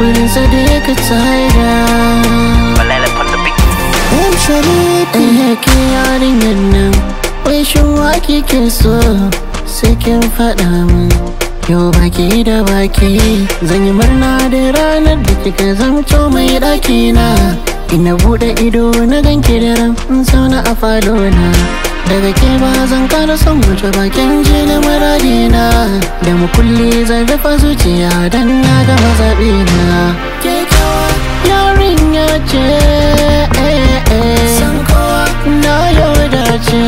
wurin sadiq tsaida Yan sharif eh, eh ke yarinyar eh, nan wai shin wa so sai kin faɗa min Yau baki da baki zan yi murna da ranar da kika zamto mai ɗakina Ina buɗe ido na ganki da ran in sauna a falona. daga ke ba zan kara son wuce bakin ji na muradina da mu kulli zan zuciya dan na gama zaɓi na kyakkyawa yarinya ce san kowa na yarda ce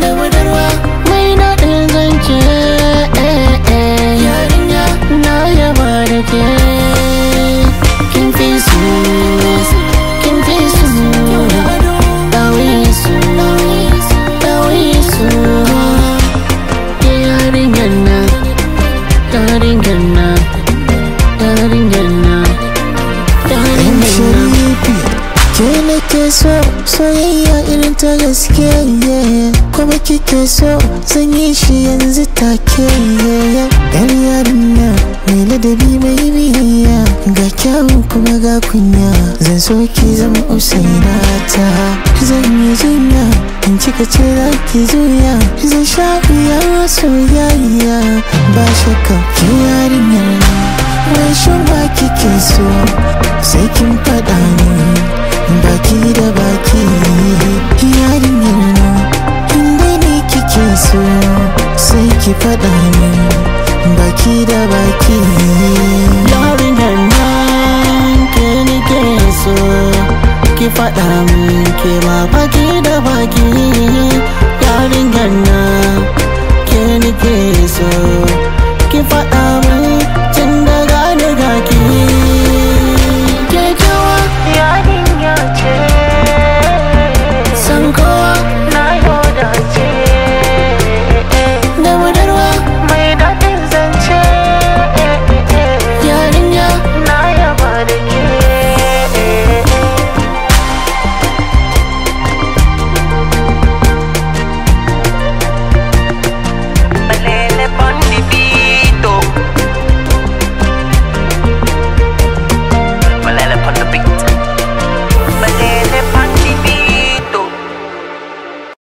da budurwa mai naɗin zance yarinya na yaba da ke kin fi so ke nake so soyayya irin ta gaske kuma kike so zan yi shi yanzu take yar yarinya mai ladabi mai biyayya ga kyawun kuma ga kunya zan so ki zama usaina ta zan yi zuya in kika ce za ki zuya zan sha wuya soyayya ba shakka ki yarinyar wai shan ba kike so sai kin fa ki faɗa min baki da baki yarinyar nan ke ke so ki faɗa min ke ma baki da baki